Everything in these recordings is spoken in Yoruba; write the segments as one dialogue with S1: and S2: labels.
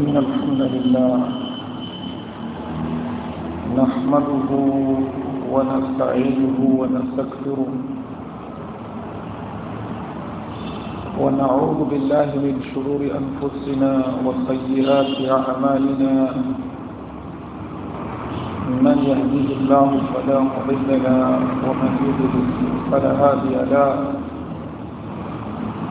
S1: إن الحمد لله نحمده ونستعينه ونستكثره ونعوذ بالله من شرور أنفسنا وسيئات أعمالنا من يهديه الله فلا مضل له ومن يضلل فلا هادي له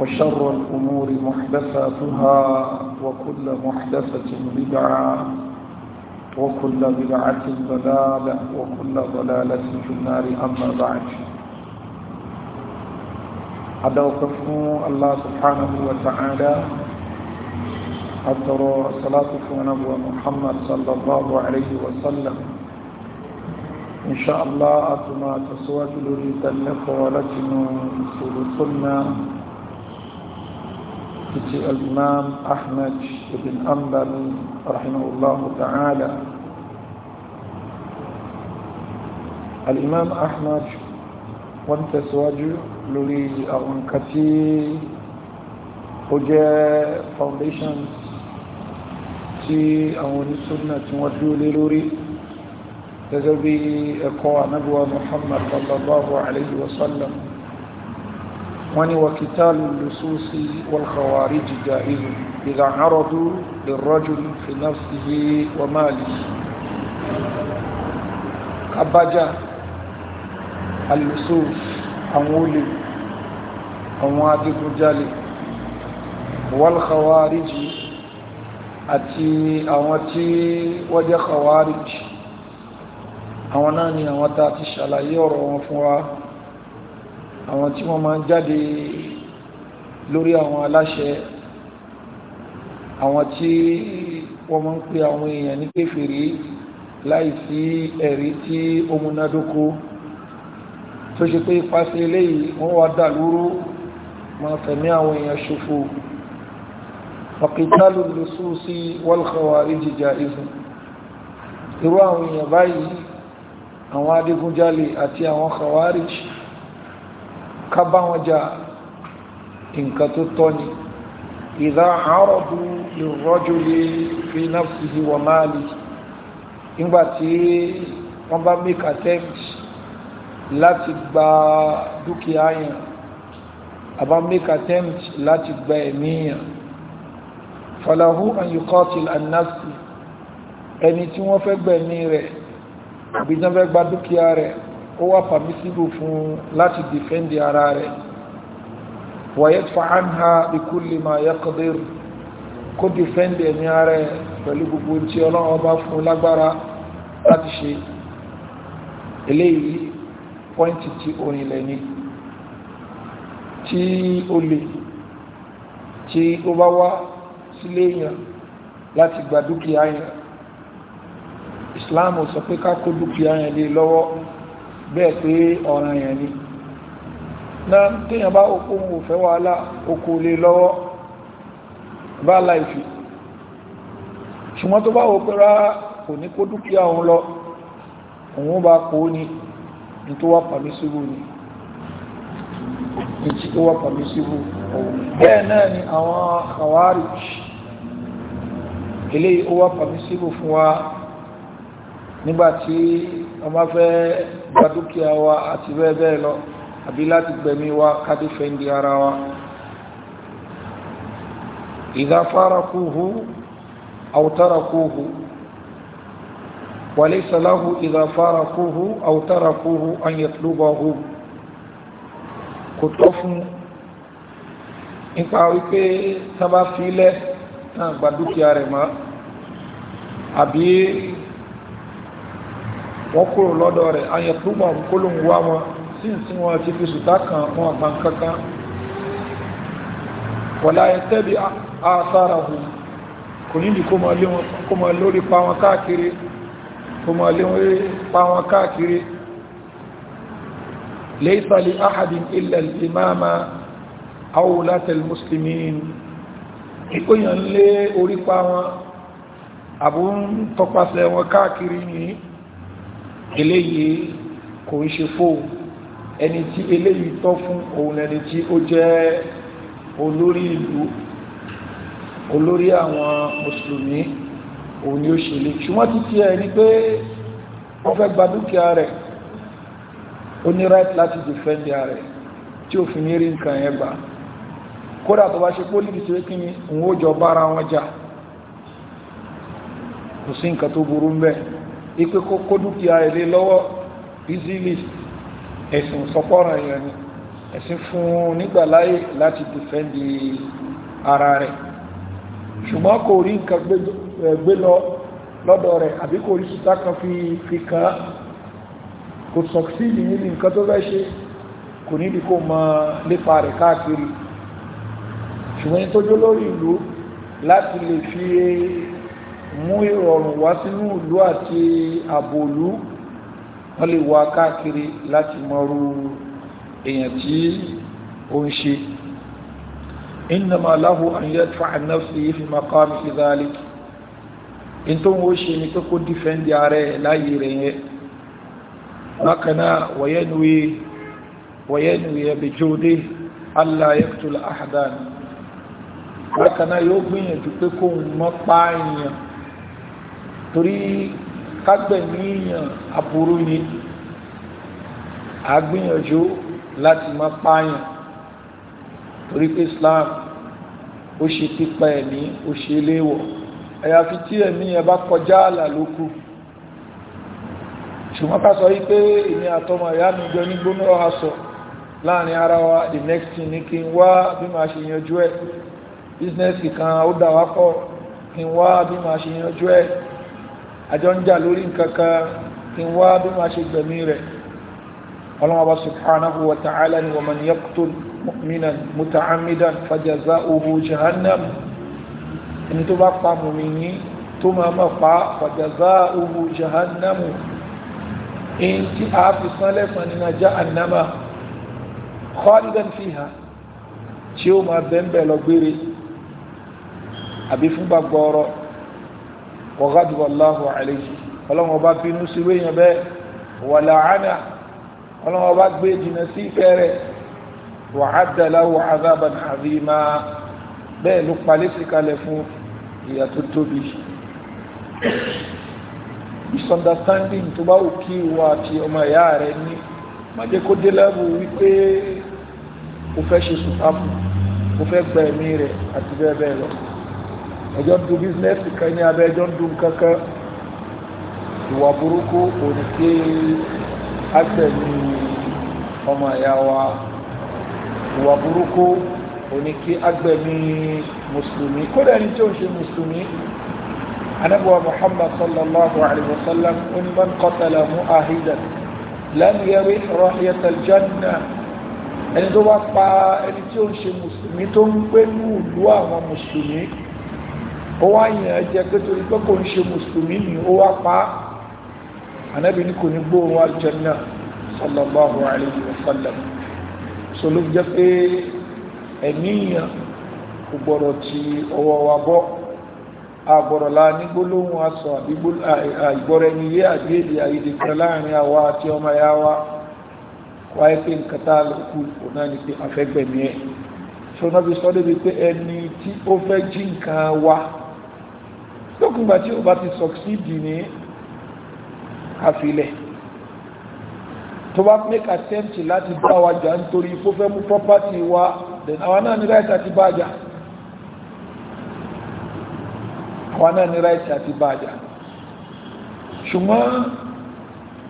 S1: وشر الأمور محدثاتها وكل محدثة بدعة وكل بدعة ضلالة وكل ضلالة في النار أما بعد هذا وقفه الله سبحانه وتعالى أثر صلاة نبوة محمد صلى الله عليه وسلم إن شاء الله أتما تسوى لريد النقوة لكن سلسلنا سيدي الإمام أحمد بن أنبل رحمه الله تعالى الإمام أحمد وانت سواج لولي أغن كثير وجاء فونديشن تي أغن سنة وجو لولي تزوي قوى نبوة محمد صلى الله عليه وسلم wọ́n ní وقتال اللصوص والخوارج جائز إذا عرضوا للرجل في نفسه وماله abájá alùsùf àwọn olè àwọn adigunjalè wal khawariji àti àwọn tí wọ́n jẹ́ khawariji àwọn náà ni àwọn tá ti ṣàlàyé ọ̀rọ̀ wọn fún wa àwọn tí wọ́n máa ń jáde lórí àwọn aláṣẹ àwọn tí wọ́n máa ń pe àwọn èèyàn ní kéfèrí láìsí ẹ̀rí tí ó múnádókó tó ṣe pé ipasẹ̀ eléyìí wọ́n wá dà lúrú máa fẹ̀mí àwọn èèyàn ṣòfò ọ̀kìtálù lùsùsí wal-khawarij jaizun irú àwọn èèyàn báyìí àwọn adigunjalè àti àwọn khawarij ká bá wọn jà nǹkan tó tọ́ ni ìdá àárọ̀dù ìrọ́jú lè fi nafsihi wa malihi nígbà tí wọ́n bá make attempt láti gba dúkìá yẹn àbá make attempt láti gba ẹ̀mí yẹn falahu an yuqatil an-nafsi ẹni tí wọ́n fẹ́ gbẹ̀mí rẹ̀ àbí tí wọ́n fẹ́ gba dúkìá rẹ̀ ó wá pàmísìbò fún láti defendi ara rẹ̀ wàyẹ́tfà ánhà bikulli ma yaqdir kó dìfẹ́ndì ẹ̀mí ara rẹ̀ pẹ̀lú gbogbo tí ọlọ́run bá fún lágbára láti ṣe eléyìí pọ́ìntì tí orin lẹ̀ ni tí ó lè tí ó bá wá sílé èèyàn láti gba dúkìá yẹn Islam sọ pé ká kó dúkìá yẹn lé lọ́wọ́ bẹ́ẹ̀ pé ọ̀ràn yẹn ni na tíyàn bá okó mú fẹ́ wàhálà okó lè lọ́wọ́ bá láìfì ṣùgbọ́n tó bá wò pé rárá kò ní kó dúkìá òun lọ òun bá kó ní tó wà pàmí síbú ni ní tí ó wà pàmí síbú òun bẹ́ẹ̀ náà ni àwọn àwárí eléyìí ó wà pàmí síbú fún wa nígbàtí wọ́n bá fẹ́ gba dúkìá wa àti bẹ́ẹ̀ bẹ́ẹ̀ lọ àbí láti gbẹ̀mí wa kádé fẹ́ndì ara wa idha farakuhu aw tarakuhu walaysa lahu idha farakuhu aw tarakuhu an yatlubahu kò tọ́ fún nípa wípé sábà filẹ̀ náà gba rẹ̀ mọ́ àbí wọ́n kúrò lọ́dọ̀ rẹ̀ ayẹ̀túmọ̀ kólóhùn wá wọn tí n tí wọ́n ti fi sùtá kan wọn àgbà kankan wọ̀lá ẹ̀tẹ́bí àtàrà hù kò níbi kó mọ lórí pa wọn káàkiri kó mọ lórí pa wọn káàkiri laysa li ahadin illa al-imama aw ìkóyàn lé orí pa àbúntọpasẹ̀ wọn káàkiri yìí eléyìí kò ń ṣe fóun ẹni tí eléyìí tọ́ fún òun ẹni tí ó jẹ́ olórí ìlú olórí àwọn mùsùlùmí òun ni ó ṣe lè ṣùgbọ́n títí ẹ ní pé wọ́n fẹ́ gba dúkìá rẹ̀ ó ní right láti defend rẹ̀ tí òfin ní rí nǹkan yẹn gbà kódà tó bá ṣe pé olùdí ṣe kí ni òun ó jọ bára wọn jà kò sí nǹkan tó burú ń bẹ́ẹ̀ ipe kókó dúkìá ilé lọ́wọ́ easily ẹ̀sìn sọpọ́ràn èèyàn ni ẹ̀sìn fún nígbàláyè láti dìfẹ́ndì ara rẹ̀ ṣùgbọ́n kò rí nǹkan gbé lọ lọ́dọ̀ rẹ̀ àbí kò rí ṣùtá kan fi kàn kò sọ̀ksídì nínú nǹkan tó fẹ́ ṣe kò nídi kó mọ lépa rẹ̀ káàkiri ṣùgbọ́n tó jó lórí ìlú láti lè fi mú ìrọ̀rùn wá sínú ìlú àti àbòlú wọ́n lè wá káàkiri láti mọ́rú èèyàn tí ó ń ṣe innama lahu an yadfa'a nafsihi fi maqami dhalik in tó ń wó ṣe ni pé kó dífẹ́ndì ààrẹ láyé rẹ̀ yẹn bákan náà wọ́yẹ́nuwe wọ́yẹ́nuwe ẹ̀bẹ̀jọ́dé allah yaqtul ahadan yóò gbìyànjú pé kóun mọ́ pààyàn torí kágbẹ̀míyàn aburú ni agbìyànjú láti má pààyàn torí pé Islam ó ṣe pípa ẹ̀mí ó ṣe léwọ̀ àyàfi tí ẹ̀mí ẹ bá kọjá àlà ló kù ṣùgbọ́n ká sọ wípé èmi àtọmọ ìyá mi jọ ní gbóná ọha láàrin ara wa the next thing ni kí n wá bí máa ṣe yanjú ẹ business kan ó dà wá pọ̀ kí n wá bí máa ṣe yanjú ẹ àjọ ń jà lórí nǹkan kan kí n wá bí wọ́n ṣe gbẹ̀mí rẹ̀ ọlọ́wọ́ bá subhanahu wa ta'ala ni wa man yaqtul mu'minan muta'ammidan fajaza'uhu jahannam ẹni tó bá pa mùmíní tó máa ma pa fajaza'uhu jahannam èyí tí a fi sánlẹ̀ fún ẹni náà jahannama khalidan fiha tí ó máa bẹ́ẹ̀ bẹ́ẹ̀ lọ gbére àbí fún gbàgbọ́ wọ́gádùbọ̀ láhùn àlejò ọlọ́run ọba bínú sí wéyàn bẹ́ẹ̀ wà láàánà ọlọ́run ọba gbé jìnnà sí ìfẹ́ rẹ̀ wà á dàlá wà á dábà àbí máa bẹ́ẹ̀ ló palẹ́ sí kalẹ̀ fún ìyà tó tóbi misunderstanding tó bá wù kí wà àti ọmọ ìyá rẹ̀ ní má kó dé lẹ́bù wípé o fẹ́ ṣe sùn ápù fẹ́ gba ẹ̀mí àti bẹ́ẹ̀ bẹ́ẹ̀ lọ ẹjọ́ ń du bísínẹ́sì kan ní abẹ́ ẹjọ́ ń du kankan ìwà burúkú òní pé àtẹ̀mí ọmọ ẹ̀yà wa ìwà burúkú òní kí agbẹ̀mí mùsùlùmí kódà ẹni tí ó ń ṣe mùsùlùmí anábọ̀wá muhammad sallallahu alayhi wa sallam oní man qatala mu'ahidan lam yari rahiyatal janna ẹni tó bá pa ẹni tí ó ń ṣe mùsùlùmí tó ń gbé ní ìlú àwọn mùsùlùmí ó wá yàn jẹ pé torí pé kò ń ṣe mùsùlùmí ni ó wá pa á anábì ní kò ní gbóòrùn aljanna sallallahu alayhi wa sallam so ló jẹ pé ẹ̀mí yàn kò gbọ́dọ̀ ti ọwọ́ wa bọ́ àgbọ̀rọ̀lá ní gbólóhùn aṣọ àìgbọ́rẹ̀ ní ilé àgbéèdè àìdèkẹ́ láàrin àwa àti ọmọ ya wa wáyé pé nǹkan tá a lọ kú ipò náà ni pé afẹ́gbẹ̀mí ẹ̀ ṣọ́nà bí sọ́dọ̀ bíi pé ẹni tí ó fẹ́ jí nǹkan wa lókùngbà tí o bá ti succeed ní àfilẹ̀ tó bá make attempt láti bá wa jà nítorí kó fẹ́ mú property wa then àwọn náà ní right àti bá jà àwọn náà ní right àti bá jà ṣùgbọ́n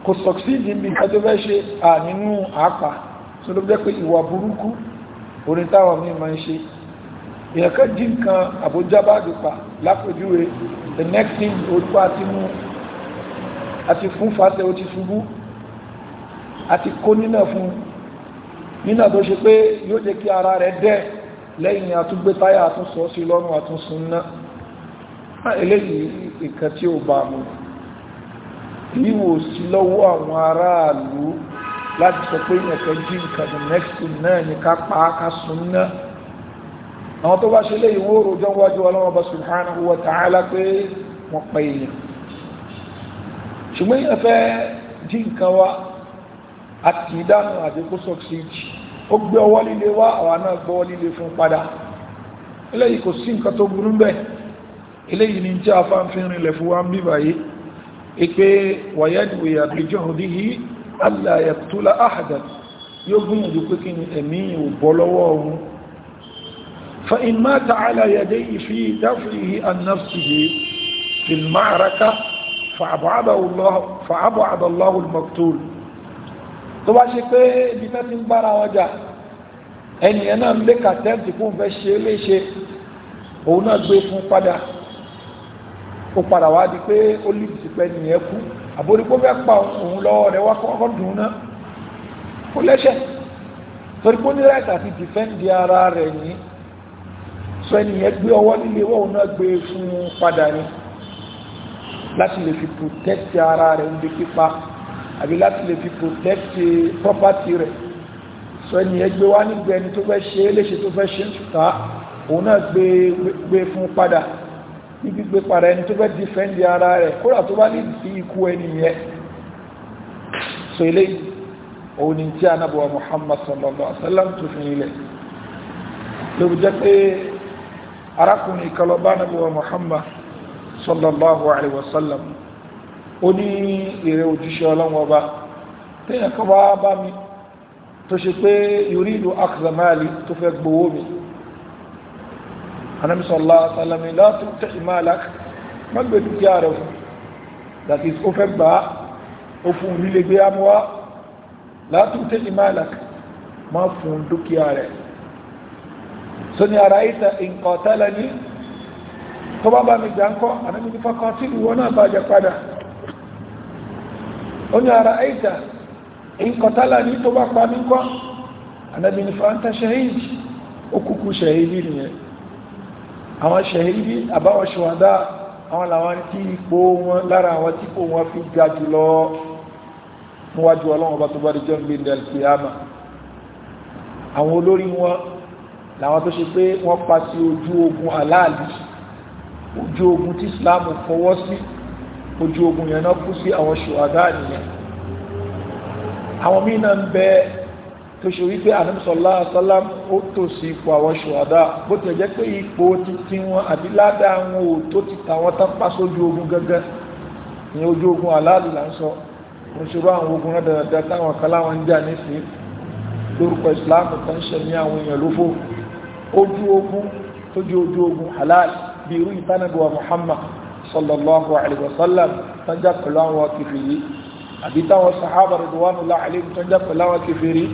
S1: kò succeed níbi ìkájọ́ fẹ́ ṣe à nínú àápa tó ló jẹ́ pé ìwà burúkú orin táwọn míì máa ń ṣe ìyẹ̀kẹ́ dín kan àbójábáàdì pa lápòjúwe the next thing orúkọ àti mú àti fún fàṣẹ o ti ṣubú àti kó nínà fún nínà tó ṣe pé yóò jẹ́ kí ara rẹ̀ dẹ̀ lẹ́yìn àtúgbé táyà àtúnsọ́ sí lọ́rùn àtúnsùn náà eléyìí ìkan tí ó bá mú ìwò sí lọ́wọ́ àwọn aráàlú láti sọ pé ìyẹ̀kẹ́ jí nǹkan the next thing náà ní ká pa á náà àwọn tó bá ṣe lé ìwó òròjọ́ wájú ọlọ́wọ́ bá subhanahu wa ta'ala pé wọ́n pa èèyàn ṣùgbọ́n yẹn fẹ́ dí nǹkan wá àti ìdánù àdínkù sọ́ksíìtì ó gbé ọwọ́ líle wá àwọn náà gbọ́ líle fún padà eléyìí kò sí nǹkan tó burú bẹ́ẹ̀ eléyìí ni jẹ́ afáǹfin rinlẹ̀ fún wa ń bí báyé ipe wàyẹ́dùwé àbíjọ́ فإن مات على يديه في دفعه عن نفسه في المعركة فأبعده الله فأبعد الله المقتول tó bá ṣe pé ibi tán ti ń bára wọn jà ẹnìyàn náà ń lé kàtẹ́ǹtì fún fẹ́ ṣe léṣe òun náà gbé fún padà ó padà wá di pé ó lìbì sí pé nìyẹn kú àbóríkó fẹ́ pa òun lọ́wọ́ rẹ̀ wá kọ́kọ́ dùn ún náà kó lẹ́sẹ̀ torí pé ó ní láìsí àti dìfẹ́ǹdì ara rẹ̀ yìí sọ ẹniyẹn gbé ọwọ́ líle wọ́n náà gbé e fún padà ní láti lè fi protect ara rẹ̀ ń bí pípa àbí láti lè fi protect property rẹ̀ sọ ẹniyẹn gbé wá nígbà ẹni tó fẹ́ ṣe é léṣe tó fẹ́ ṣe ń tùtà òun náà gbé e fún padà ní gbígbé padà ẹni tó fẹ́ defend ara rẹ̀ kódà tó bá ní ikú ẹniyẹn sọ eléyìí òun ni tí a nábọ̀ Muhammad sallallahu alaihi wa sallam tó fi ilẹ̀ lóbi jẹ́ pé arákùnrin kalọba nàbí wa muhammad sallallahu alaihi wasallam ó ní èrè òjíṣẹ́ ọlọ́wọ́ ọba tẹ́yàn kan wá bá mi tó ṣe pé yuridu akzamali tó fẹ́ gbowó mi anabi sallallahu alaihi wasallam la tu'ti malak má gbé dúkìá rẹ̀ fún that sóní ara ìta nǹkan tẹ́lẹ̀ ní tó bá bá mi jà ń kọ́ ànábi ní fọ́kọ́ tí ìwọ náà bá jẹ padà ó ní ara ìta nǹkan tẹ́lẹ̀ ní tó bá pa mí kọ́ ànábi ní fọ́ńtà ṣẹ́yìn ó kúkú ṣẹ̀hìdì nìyẹn àwọn ṣẹ̀hìdì àbáwọn ṣùwádá àwọn làwọn tí ipò wọn lára àwọn tí kò wọn fi ga jùlọ níwájú ọlọ́wọ́n bá tó bá di jọ́ ń gbé ní àwọn olórí wọn làwọn tó ṣe pé wọ́n pa sí ojú ogun aláàlì ojú ogun tí islam fọwọ́ sí ojú ogun yẹn náà kú sí àwọn ṣùhàdá nìyẹn àwọn míì náà ń bẹ tó ṣe wípé àdúmsọ̀lá asálám ó tò sí ipò àwọn ṣùhàdá bó tilẹ̀ jẹ́ pé ipò títí wọn àbí ládàá wọn ò tó ti tàwọn tán pa sójú ogun gẹ́gẹ́ ìyẹn ojú ogun aláàlì là ń sọ òṣèré àwọn ogun rẹ̀ dáadáa táwọn kan ń jà nísìnyí lórúkọ ìsìláàmù tó ń ṣe ní àwọn èèyàn lófò ojú ogun tó jẹ́ ojú ogun halal bí irú ìtànàbíwa Muhammad sallallahu alaihi wasallam tán já pẹ̀lú àwọn kìfìrí àbí táwọn sahaba radwanullahi alaihim tán já pẹ̀lú àwọn kìfìrí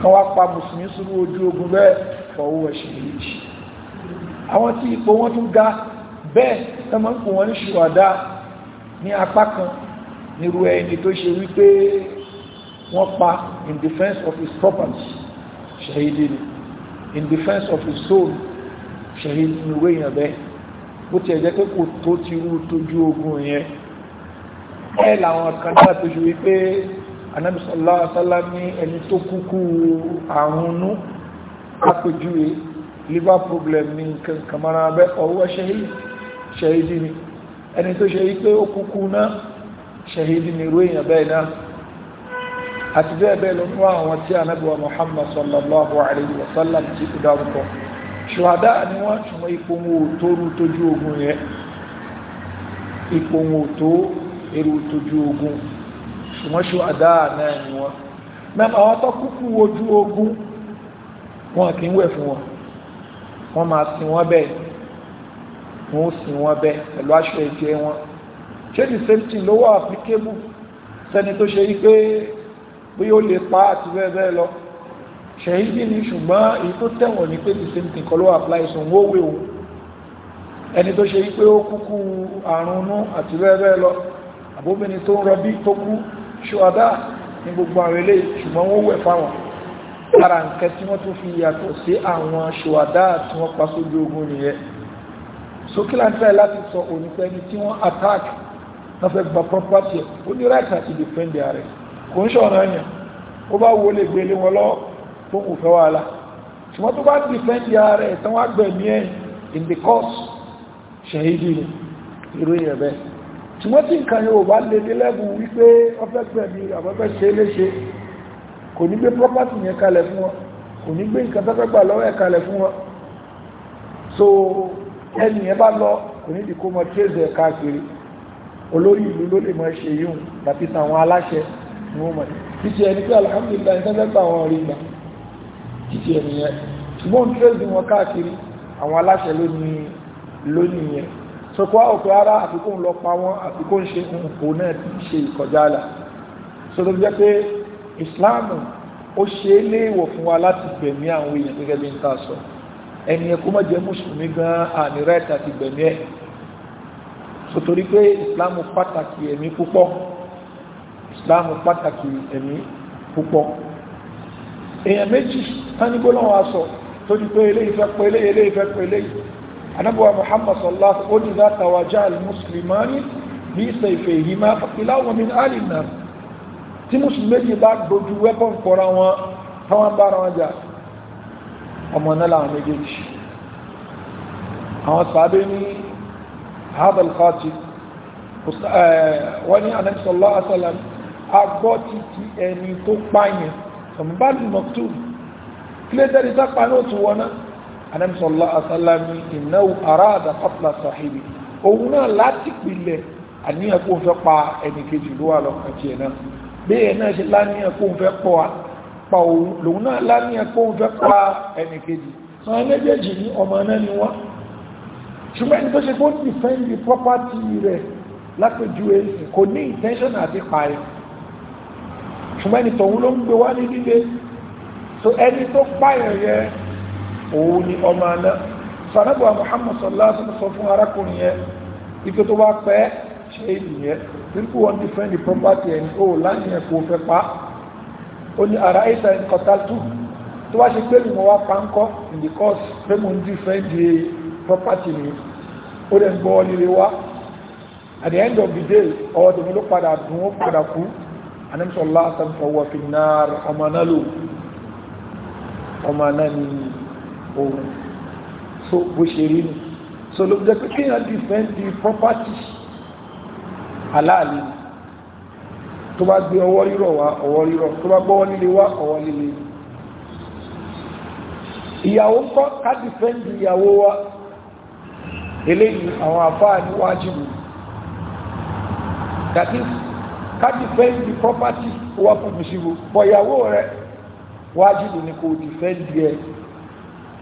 S1: kan wá pa mùsùlùmí sínú ojú ogun bẹ́ẹ̀ fọwọ́ ṣèlérí àwọn tí ipò wọn tún ga bẹ́ẹ̀ tán máa ń pò wọn ní ṣùwádà ní apá kan nírú ẹni tó ṣe wípé wọ́n pa in defense of his property ṣe é dé ni in defense of his soul ṣẹ̀rí nínú ìwé èèyàn bẹ́ẹ̀ bó ti ẹ̀jẹ́ pé kò tó ti rú tójú ogun yẹn bẹ́ẹ̀ làwọn kan náà tó ṣe wípé Ànábì sallallahu alaihi wasallam ní ẹni tó kúkú àrùn nú àpèjúwe liver problem ní nǹkan kàmàrà abẹ́ ọwọ́ ṣẹ̀hídì ni ẹni tó ṣe wípé ó kúkú náà ṣẹ̀hídì ni ìró èèyàn bẹ́ẹ̀ náà àti bẹ́ẹ̀ bẹ́ẹ̀ lọ fún àwọn tí anábíwá muhammad sallallahu alayhi wa sallam ti dárúkọ ṣùhádá ni wọ́n túnmọ̀ ipò wọn ò tóru tójú ogun yẹn ipò wọn ò tó eru tójú ogun ṣùgbọ́n ṣùhádá náà ni wọ́n mẹ́mọ̀ àwọn tó kúkú ojú ogun wọn kì í wẹ̀ fún wọn wọ́n máa sin wọ́n bẹ́ẹ̀ wọ́n sin wọ́n bẹ́ẹ̀ pẹ̀lú aṣọ ẹ̀jẹ̀ wọn ṣé the same thing ló wà applicable sẹ́ni tó ṣe yí pé bí ó lè pa àti bẹ́ẹ̀ bẹ́ẹ̀ lọ ṣẹ̀yídì ni ṣùgbọ́n èyí tó tẹ̀wọ̀n ní pé the same thing kọ́ ló apply sun ó wé o ẹni tó ṣe wípé ó kúkú àrùn inú àti bẹ́ẹ̀ bẹ́ẹ̀ lọ àbóbìnrin tó ń rọbí tó kú ṣọ́adá ní gbogbo àwọn ilé ṣùgbọ́n wọ́n wẹ̀ fáwọn lára nǹkan tí wọ́n tún fi yàtọ̀ sí àwọn ṣọ́adá tí wọ́n pa sójú ogun nìyẹn sókílàntẹ́ láti sọ attack wọ́n fẹ́ gba property ó right àti defend their kò ń ṣọ̀nà ẹ̀yàn ó bá wo lè gbélé wọn lọ fún òfẹ́ wàhálà ṣùgbọ́n tó bá dìfẹ́ndì ààrẹ tán wá gbẹ̀mí ẹ̀ in the course ṣẹ̀hídì ni irú yẹn bẹ́ẹ̀ ṣùgbọ́n tí nǹkan yóò bá lè délẹ́bù wípé ọfẹ́ gbẹ̀mí àbẹ́fẹ́ ṣe léṣe kò ní gbé property yẹn kalẹ̀ fún wọn kò ní gbé nǹkan tọ́fẹ́ gbà lọ́wọ́ ẹ̀ kalẹ̀ fún wọn so ẹni yẹn bá lọ kò ní dìkó mọ trace ẹ̀ káàkiri olórí ìlú ló lè mọ ṣe yíhun tàbí tàwọn aláṣẹ wọn mọ̀ títí ẹni pé alhamdulillah ìtẹ́lẹ́gbà wọn rí gbà títí ẹni yẹn ṣùgbọ́n tírèsì wọn káàkiri àwọn aláṣẹ lónìí yẹn sọkọ́ ọ̀pẹ́ ara àfikún lọ pa wọn àfikún ṣe nǹkó náà ti ṣe ìkọjá àlà sọ́dọ̀ jẹ́ pé ìsìláàmù ó ṣe é léèwọ̀ fún wa láti gbẹ̀mí àwọn èèyàn gẹ́gẹ́ bí n ta sọ láàmú pàtàkì ẹ̀mí púpọ̀ èèyàn méjì tánigbó náà wá sọ tó di pé eléyìí fẹ́ pé eléyìí eléyìí fẹ́ pé eléyìí anábọ̀wá muhammad sallallahu ó ní za tawaja al-muslimani bí sayfayhima fakilaahuma min ahli an-nar tí mùsùlùmí méjì bá dojú wẹ́pọ̀n kọ́ra wọn táwọn bára wọn jà ọmọ náà làwọn méjèèjì àwọn sàábé ní hadal khatib wọ́n ní anabi sallallahu alaihi wasallam agbọ́ títí ẹni tó pààyàn ọmọbáàlù mọ̀tún kílẹ̀dẹ̀rì sápa náà tún wọná anẹ́mùsọ̀lá asálàmì ìnáwó aráàdà pápálà sàhìbì òun náà láti pilẹ̀ àníyàn kó fẹ́ pa ẹnì kejì ló wà lọ́kàn tiẹ̀ náà bẹ́ẹ̀ náà ṣe láníyàn kó fẹ́ pọ̀ pa òun lòun náà láníyàn kó fẹ́ pa ẹnì kejì àwọn méjèèjì ní property rẹ̀ lápẹjú èsì kò ní ṣùgbọ́n ẹni tọ̀hún ló ń gbé wá ní líle so ẹni tó pààyàn yẹ òun ni ọmọ àná sanabu muhammad sallallahu alaihi wasallam sọ fún arákùnrin yẹn ike tó bá pẹ́ ṣe ìyẹn nípò wọn ti fẹ́ di property ẹni ó láyìn kò fẹ́ pa ó ní ara ìta ìkọta tù tó wá ṣe pé mi wá pa ń kọ́ in the course pé mo ń di fẹ́ di property mi ó dẹ̀ ń gbọ́ líle wá at the end of the day ọwọ́ tèmi ló padà dùn ó padà kú anamsọ lásán fọwọ́ fi náà ọmọ náà lò ọmọ náà ní òun so bó ṣe rí nù so ló jẹ́ pé kéèyàn defend the property aláàlè tó bá gbé ọwọ́ rírọ̀ wá ọwọ́ rírọ̀ tó bá gbọ́wọ́ líle wá ọwọ́ líle ìyàwó kọ́ ká defend ìyàwó wa eléyìí àwọn àfáà níwájú mi that is ká dìfẹ́ǹdì property wà permissible bọ̀ ìyàwó rẹ̀ wájìbù ni kò dìfẹ́ǹdì ẹ̀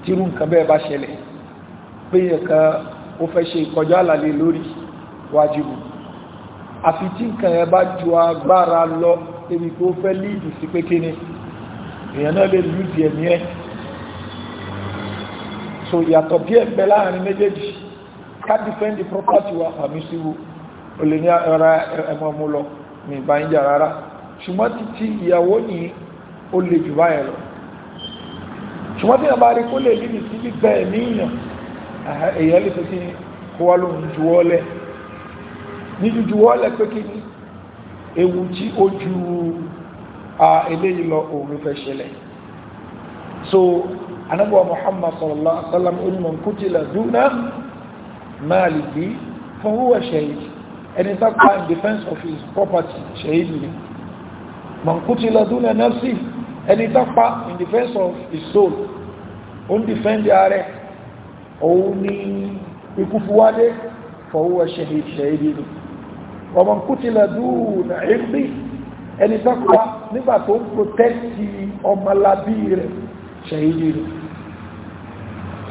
S1: tírú nǹkan bẹ́ẹ̀ bá ṣẹlẹ̀ pé yẹn kan ó fẹ́ ṣe ìkọjá àlàlé lórí wájìbù àfi tí nǹkan ẹ bá ju agbára lọ ebi tó fẹ́ líìdì sí pé kíni èèyàn náà lè lù díẹ̀ ní ẹ so ìyàtọ̀ bí ẹ bẹ láàrin méjèèjì ká dìfẹ́ǹdì property wà permissible olè ní ara ẹmọ mú lọ mi bá ń jà rárá ṣùgbọ́n títí ìyàwó ní o lè jù báyẹ̀ lọ ṣùgbọ́n tí àbá rí kó lè níbi sí gbígbẹ́ ẹ̀mí èèyàn èèyàn lè fi kí ni kó wá lóhun juwọ́lẹ̀ ní juwọ́lẹ̀ pé kí ni ewu tí ó ju eléyìí lọ òun fẹ́ ṣẹlẹ̀ so anabuwa muhammad sallallahu alaihi wasallam onímọ̀ kútìlá dúnà máàlì bí fún wúwà ṣẹ̀yìn ẹni tó pa in defense of his property ṣèyí ni man qutila duna nafsi ẹni tó in defense of his soul ó ń defend ààrẹ òun ni ikú fúwádé fọwọ́ ṣèyí ṣèyí ni wa man qutila duna irdi ẹni tó pa nígbà tó ń protẹ́tì ọmọlábí rẹ̀ ṣèyí ni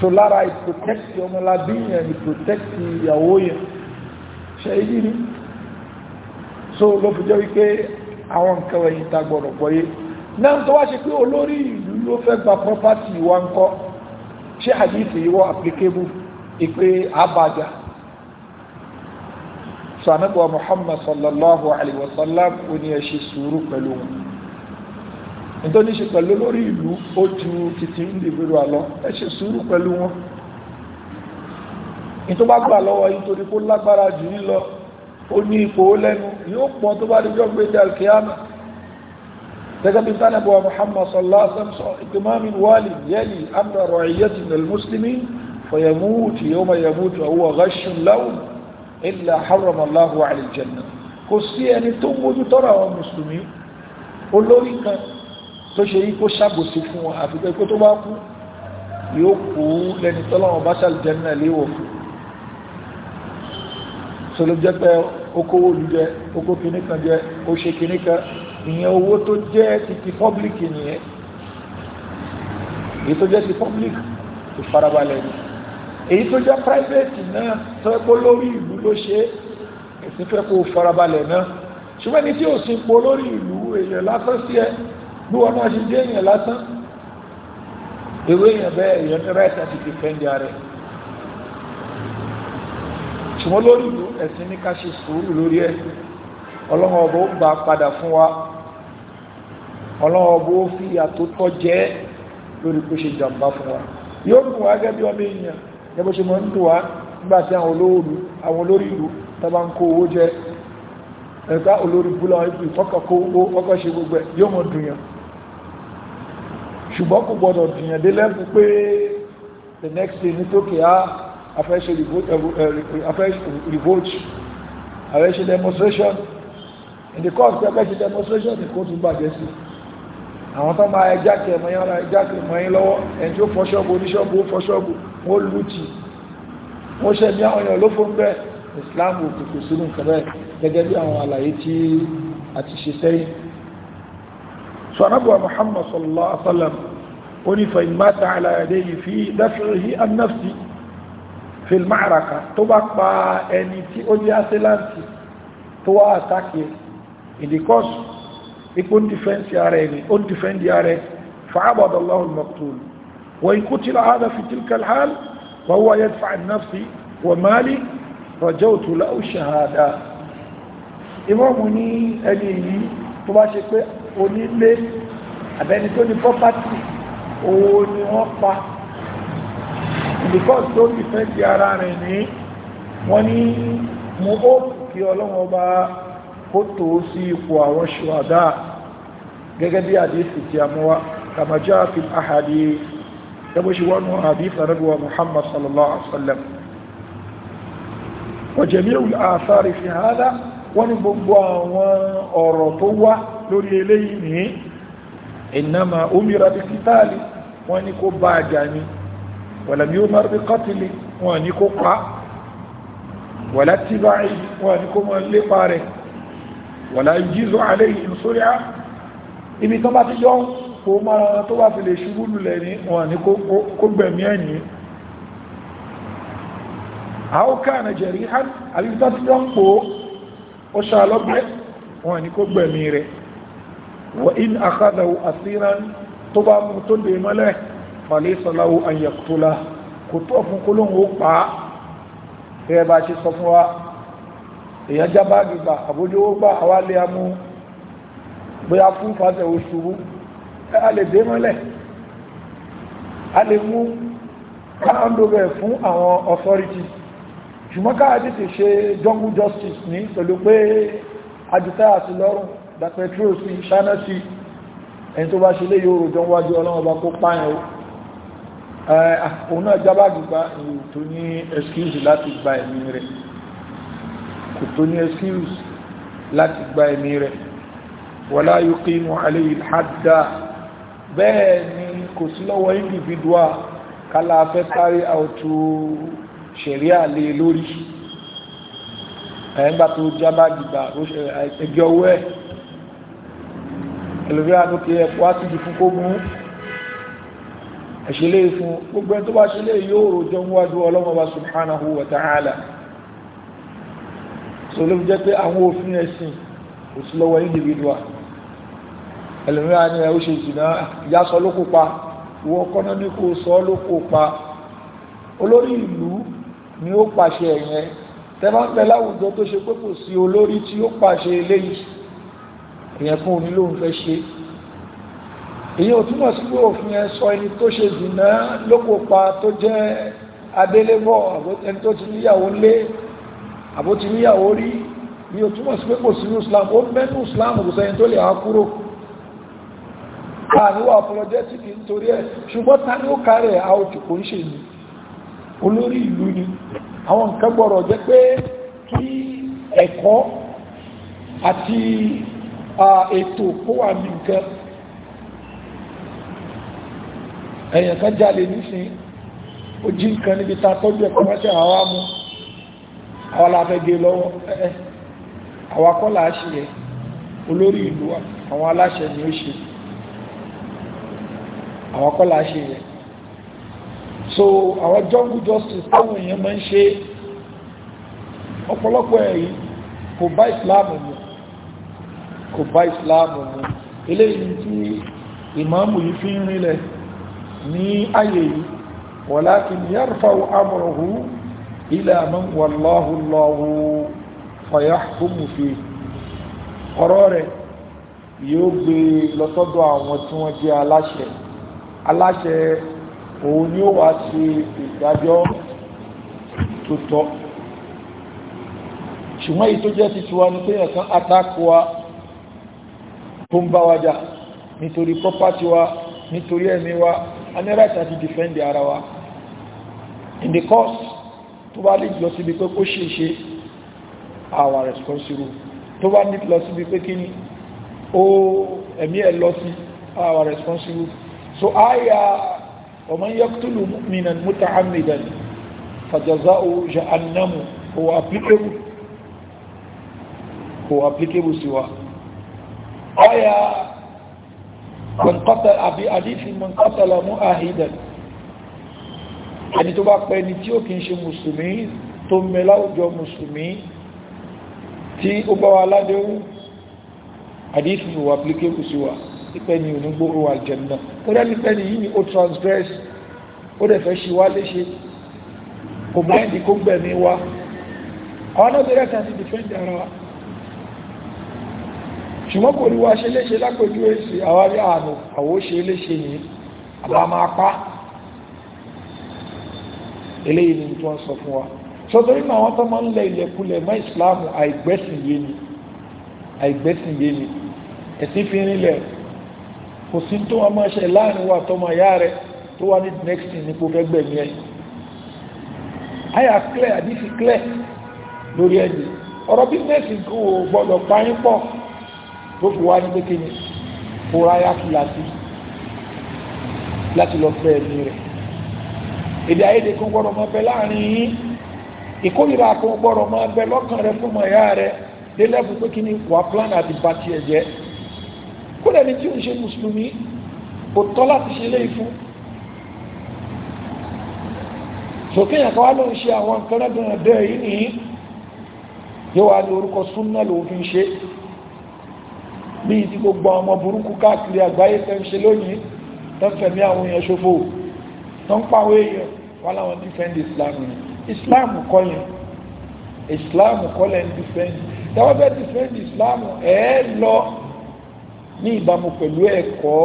S1: so lára ìprotẹ́tì ọmọlábí yẹn ìprotẹ́tì ìyàwó yẹn ṣẹ̀yí ni so ló fi jẹ́ wípé àwọn nǹkan wẹ̀yìn ta gbọ́dọ̀ pọ̀yé náà tó wá ṣe pé olórí ìlú ló fẹ́ gba property wa ń kọ́ ṣé hadith yìí wọ́n àbájá sanabuwa muhammad sallallahu alaihi wasallam ó ní ẹ ṣe sùúrù pẹ̀lú wọn nítorí ṣe pẹ̀lú olórí ìlú ó ju títí individual lọ ẹ ṣe sùúrù pẹ̀lú wọn ní tó bá gbà lọ́wọ́ yìí torí kó lágbára jù yín lọ ó ní ipò ó lẹ́nu yóò pọ̀ tó bá dijọ́ gbé dé alkiyama gẹ́gẹ́ bí sani abu muhammad sallallahu alaihi wasallam sọ ìgbìmọ̀mí wali yẹli amra ra'iyyati minal muslimin fayamuti yawma yamutu huwa ghashun lahum illa harrama allahu ala aljanna kò sí ẹni tó ṣe yí kó ṣàbòsí fún àfikẹ́ kó tó bá kú yóò kú lẹni tọ́lọ́wọ́n bá ṣàlìjẹ́ náà léwọ̀ fún so ló jẹ́ pé okòwò olùjẹ okó kìíní kan jẹ ó ṣe kìíní kan ìyẹn owó tó jẹ́ títí public nìyẹn èyí tó jẹ́ ti public ìfarabalẹ̀ ni èyí tó jẹ́ private náà tó ẹ̀pọ̀ lórí ìlú ló ṣe ẹ̀sìn fẹ́ kó farabalẹ̀ náà ṣùgbọ́n ní tí ó sì pọ̀ lórí ìlú èèyàn lásán sí ẹ bí wọn náà ṣe jẹ́ èèyàn lásán èrò èèyàn bẹ́ẹ̀ èèyàn ní right àti defend rẹ̀ ṣùgbọ́n lórí ìlú ẹ̀sìn ní ká ṣe sùúrù lórí ẹ̀ ọlọ́wọ́ ọba ó gbà padà fún wa ọlọ́wọ́ ọba ó fi àtó tọ́ jẹ́ lórí pé ṣe jàǹbá fún wa yóò dùn wá gẹ́gẹ́ bí ọmọ èèyàn ní ṣe mọ́ ń dùn wá nígbà tí àwọn olóòlù àwọn olórí ìlú tọ́ba ń kó owó jẹ ẹ̀ka olórí búlọ̀ ìlú tọ́kọ̀ kó owó ọkọ̀ ṣe gbogbo ẹ̀ yóò mọ̀ dùn yàn ṣùgbọ́n kò gbọ́dọ̀ dùn yàn dé lẹ́kùn pé the next day ní tókè á ah, afẹ́ṣe revolt eh, eh, afẹ́ṣe demonstration in the course afẹ́ṣe demonstration ni kó tún bàjẹ́ sí àwọn tó máa ẹjá kẹ mọ́ yára ẹjá kẹ mọ́ yín lọ́wọ́ ẹni tí ó fọ́ ṣọ́ọ̀bù oníṣọ́ọ̀bù ó fọ́ ṣọ́ọ̀bù wọ́n lù tì wọ́n ṣẹ̀ ní àwọn èèyàn ló fún bẹ́ẹ̀ Islam ò kòkò sínú nǹkan bẹ́ẹ̀ gẹ́gẹ́ bí àwọn àlàyé tí a ti ṣe sẹ́yìn sọ anábọ̀ Muhammad sallallahu alaihi wasallam ó ní fa in mata ala yadihi fi daf'ihi an nafsi filmaraka tó bá pa ẹni tí ó jẹ́ aselanti tó wá àtàkì ẹ̀ ìdíkọ́sù ipò ń dìfẹ́ǹsì ara ẹni ó ń dìfẹ́ǹdì ara ẹ fa'abada Allahu al-maqtul wa in qutila hadha fi tilka al-hal wa huwa yadfa an because tó ní fẹ́ ti ara rẹ̀ ní wọ́n ní mo ó kí ọlọ́wọ́ bá kó tó sí ipò àwọn ṣùwádá gẹ́gẹ́ bí àdífì tí a mọ́wá kàmájá fi àhàdí gẹ́gbẹ́ṣe wọ́n mú àdífì Muhammad sallallahu alaihi wasallam وجميع الآثار في هذا ونبوا ورطوا wàlàmí ó máa rí kọ́tìlì wọn ní kó pa wàlá tí báyìí wọn ní kó mọ́ lépa rẹ̀ wàlá jízo alẹ́ yìí sórí á ibi tó bá ti yọ kó máa tó bá fi lè ṣubú lulẹ̀ ní wọn ní kó gbẹ̀mí ẹ̀yìn àwọn káàna jẹ̀rí hàn àbíbítà tí wọ́n pò ó ṣàlọ́gbẹ́ wọn ní kó gbẹ̀mí rẹ̀ wọ́n in àkádàwò àsíran tó bá mú tó lè mọ́lẹ̀ فليس له أن يقتله كتوف كلهم وقع gẹ́gẹ́ bá ṣe sọ fún wa èyàn já báàgì gbà àbójúwó gbà àwá lè amú bóyá fún fàtẹ̀ òṣùrú a lè dé mọ́lẹ̀ a lè mú káàndó rẹ̀ fún àwọn authorities ṣùgbọ́n káà tètè ṣe jungle justice ní pẹ̀lú pé ajutáyà sí lọ́rùn dapẹ̀tró sí ṣáná sí ẹni tó bá ṣe lé yóò rò jọ wájú ọlọ́run ọba kó páyàn ó òun náà jábá gbígbá ìlú tó ní excuse láti gba ẹ̀mí rẹ̀ kò tó ní excuse láti gba ẹ̀mí rẹ̀ wala yuqimu alayhi al-hadda bẹ́ẹ̀ ni kò sí lọ́wọ́ individual kálá fẹ́ carry out ṣẹ̀ríà lé lórí ẹ̀yìn gbà jábá gbígbá ẹgbẹ́ ọwọ́ ẹ̀ ẹlòmíràn tó kí ẹ̀kọ́ á ti di mú ẹ̀ṣẹ̀lẹ̀ fún gbogbo ẹni tó bá ṣẹlẹ̀ yóò rojọ́ níwájú ọlọ́mọba subhanahu wa ta'ala so ló fi jẹ́ pé àwọn òfin ẹ̀sìn kò sí lọ́wọ́ individual ẹlòmíràn ni ó ṣe ìsìnà ìyá sọ ló kópa ìwọ ọkọ́nà ní kò sọ ló kópa olórí ìlú ni ó pàṣẹ ẹ̀yẹn tẹ́bá ń bẹ láwùjọ tó ṣe pé kò sí olórí tí ó pàṣẹ eléyìí ìyẹn fún onílòun fẹ́ ṣe é èyí ò túnmọ̀ sí pé òfin ẹ sọ ẹni tó ṣe zìnà lókòpa tó jẹ́ adélébọ̀ ẹni tó ti níyàwó lé àbó ti níyàwó rí ní ò túnmọ̀ sí pé kò sínú islam ó mẹ́nu islam kò sẹ́yìn tó lè á kúrò àníwà apologetic nítorí ẹ̀ ṣùgbọ́n ta ní ó kárẹ̀ àwòtù ń ẹ̀yàn kan jalè nísìn ó jí nǹkan níbi ta tọ́jú ẹ̀kọ́ mọ́ṣẹ́ àwa mú àwa la fẹ́ gé lọ́wọ́ ẹ̀ àwa kọ́ là á ṣe yẹ olórí ìlú àwọn aláṣẹ ni ó ṣe àwa kọ́ ṣe yẹ so àwọn jungle justice táwọn èèyàn máa ń ṣe ọ̀pọ̀lọpọ̀ èyí kò bá ìsìláàmù mu kò bá ìsìláàmù mu eléyìí tí ìmáàmù yìí fi ń rinlẹ̀ ní ayé yìí walakin yarfa'u amruhu ila man wallahu Allahu fayahkumu fi ọ̀rọ̀ rẹ̀ yóò gbé lọ́sọ́dọ̀ àwọn tí wọ́n jẹ́ aláṣẹ aláṣẹ òun ni ó wá ṣe ìdájọ́ tó tọ́ ṣùgbọ́n èyí tó jẹ́ ti tiwa ní pé ẹ̀kan atákuwa tó ń bá wa nítorí property wa nítorí ẹ̀mí wa And ní right àti defend ara wa in the course to bá lead lọ síbi pé kó ṣe ṣe our responsible tó bá lead lọ síbi pé kí ni ó ẹ̀mí ẹ̀ lọ sí our responsible so àyà ọmọ yaqtulu mu'minan muta'ammidan fajaza'u jahannamu kò applicable kò applicable sí wa àyà من قتل أبي حديث من قتل مؤاهدا ẹni tó bá pẹ́ ni tí ó kìí ṣe mùsùlùmí tó mẹ́lá òjò mùsùlùmí tí ó bá wa ládéhùn àdífì wà applicable sí wa ipẹ́ ni onígbòrò àlùjánnà ó dẹ́ nípẹ́ ni ni ó transgress o dẹ̀ fẹ́ ṣe wá léṣe kò báyìí kó gbẹ̀mí wa àwọn náà bẹ̀rẹ̀ ti defend ara wa ṣùgbọ́n kò ní wá ṣe léṣe lápẹjú èsì àwárí ààrùn àwọ́ ṣe léṣe ní àbámápá eléyìí ni tí wọ́n sọ fún wa sọ́tọ́rí náà wọ́n tó máa ń lẹ ilẹ̀kulẹ̀ mọ́ ìsìláàmù àìgbẹ́sìn yé ni àìgbẹ́sìn yé ni ẹ̀sìn fi rinlẹ̀ kò sí tó wọn máa ṣe láàrin wa tọmọ ìyá rẹ tó wá ní next thing ní kò ẹ̀ àyà clear àdífi clear lórí ẹ̀yìn ọ̀rọ̀ business kò gbọ́dọ̀ payín pọ̀ tó fi ni ní pékè ní kóráyà kìláàsì láti lọ fẹ́ ẹ̀mí rẹ̀ èdè àìyedè kan gbọ́dọ̀ máa bẹ láàrin yín ìkórìíra kan gbọ́dọ̀ máa bẹ lọ́kàn rẹ fún ọmọ ìyá rẹ délẹ́bù pé ni wà plan àti bá tiẹ̀ jẹ́ kó lẹ́ni tí ó ń ṣe mùsùlùmí kò tọ́ láti ṣe léyìí fún sókè yẹn kan wá ló ṣe àwọn nǹkan rẹ̀ dẹ̀ yìí nìyí yóò wá ní orúkọ súnmọ́ lòun fi ń ṣe é ní ìdí gbogbo ọmọ burúkú káàkiri àgbáyé tẹ́ ń ṣe lónìí tọ́fẹ̀mí àwọn èèyàn ṣòfò tó ń pàwọ́ èèyàn wọ́n láwọn defend islam ni islam kọ́ yẹn islam kọ́ lẹ́ ń defend tẹ́wọ́n fẹ́ defend islam ẹ̀ lọ ní ìbámu pẹ̀lú ẹ̀kọ́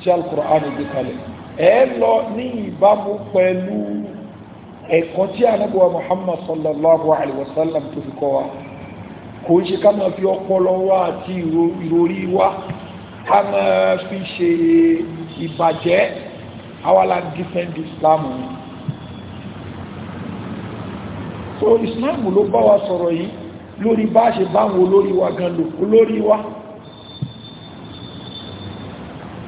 S1: tí alukur'an gbé kalẹ̀ ẹ̀ lọ ní ìbámu pẹ̀lú ẹ̀kọ́ tí anabuwa muhammad sallallahu alaihi wasallam tó fi kọ́ wa kò ń ṣe ká máa fi ọpọlọ wá àti ìròrí wá ká máa fi ṣe ìbàjẹ́ awala different islam so islam ló bá wa sọ̀rọ̀ yìí lórí bá ṣe báwọn olórí wa gan lò olórí wa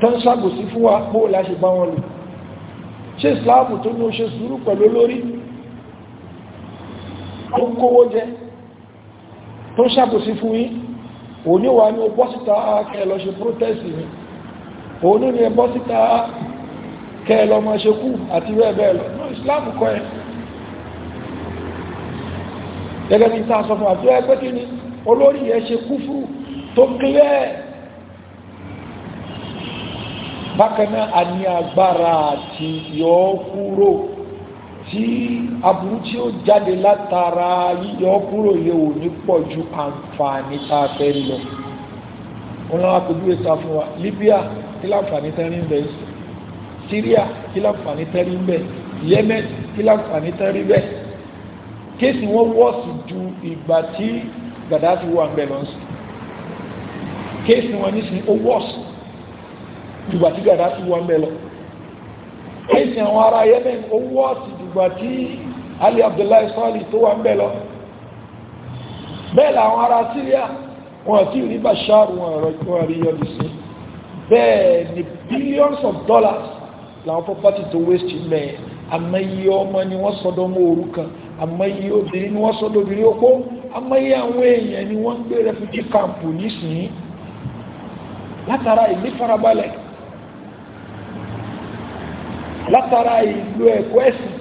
S1: tán ṣàgbòsí fún wa pó láṣe bá wọn lò ṣe islam tó ní ó ṣe sùúrù pẹ̀lú olórí ó kówó jẹ́ tó ń ṣàbòsí fún yín òní wà ní ọgbọ́ síta kẹlọ ṣe protest ni òní ni ẹgbọ́ síta kẹlọ ma ṣe kú àti bẹ́ẹ̀ lọ Islam kọ́ ẹ gẹ́gẹ́ bí ta sọ fún àbúrò ẹgbẹ́ kí ni olórí yẹn ṣe kú fún tó kílẹ̀ bákan náà agbára àti yọ kúrò tí aburú tí ó jáde látara yíyọ kúrò yẹn ò ní pọ̀ ju àǹfààní tá a fẹ́ lọ wọn lọ́wọ́ àpèjúwe ta fún wa Libya kí láǹfààní tẹ́rí ń bẹ Syria kí láǹfààní tẹ́rí ń bẹ Yemen kí láǹfààní tẹ́rí bẹ kéèsì wọn wọ́ọ̀sì ju ìgbà tí Gaddafi wà ń bẹ lọ́sùn kéèsì wọn nísìnyí ó wọ́ọ̀sì ju ìgbà tí Gaddafi wà ń bẹ lọ kéèsì àwọn ará Yemen ó wọ́ọ̀sì ìgbà tí Ali Abdullahi sọ́ọ̀lì tó wà ń bẹ̀ lọ bẹ́ẹ̀ làwọn ará Syria wọn àti rí Bashar wọn ọ̀rọ̀ rí yọjú sí bẹ́ẹ̀ ni billions of dollars làwọn property to waste mẹ́ẹ̀ àmọ́yé ọmọ ni wọ́n sọ́dọ̀ mọ́ òrukàn àmọ́yé obìnrin ni wọ́n sọ́dọ̀ obìnrin opó àmọ́yé àwọn èèyàn ni wọ́n ń gbé refugee camp nísìnyí látara ìlú farabalẹ̀ látara ìlú ẹ̀kọ́ ẹ̀sìn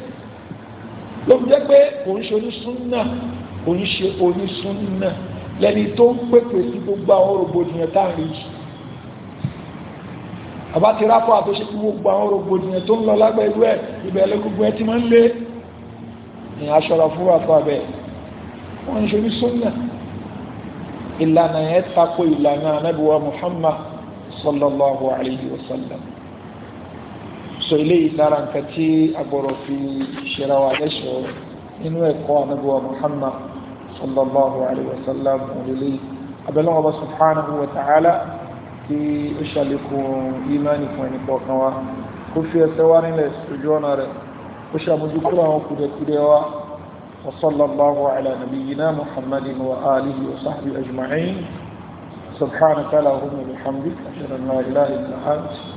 S1: ló fi jẹ́ pé kò ń ṣe onísúnnà kò ń ṣe onísúnnà lẹ́ni tó ń pèpè sí gbogbo àwọn rògbòdìyàn tá à ń rí yìí àbá ti rápọ̀ àtúnṣe kí gbogbo àwọn rògbòdìyàn tó ń lọ lágbẹ́ ìlú ẹ̀ ibẹ̀ ẹlẹ́gbogbo ẹ ti máa ń lé ní aṣọ́ra fún àfọ́ abẹ́ wọ́n ṣe onísúnnà ìlànà yẹn tako ìlànà anábíwá Muhammad sallallahu alayhi wa sallam so eléyìí lára nǹkan tí a gbọ́dọ̀ fi ṣera wa lẹ́ṣọ̀ọ́ nínú ẹ̀kọ́ anábíwá muhammad sallallahu alayhi wa sallam eléyìí abẹ́lẹ́ wọn bá subhanahu wa ta'ala kí ó ṣàlékún ìmánì fún ẹnì kọ̀ọ̀kan wa kó fi ẹsẹ̀ wá nílẹ̀ ojú ọ̀nà rẹ̀ kó ṣàmójúkúrò àwọn kùdẹ̀kùdẹ̀ wa وصلى الله على نبينا محمد وآله وصحبه أجمعين سبحانك اللهم وبحمدك أشهد أن لا إله إلا أنت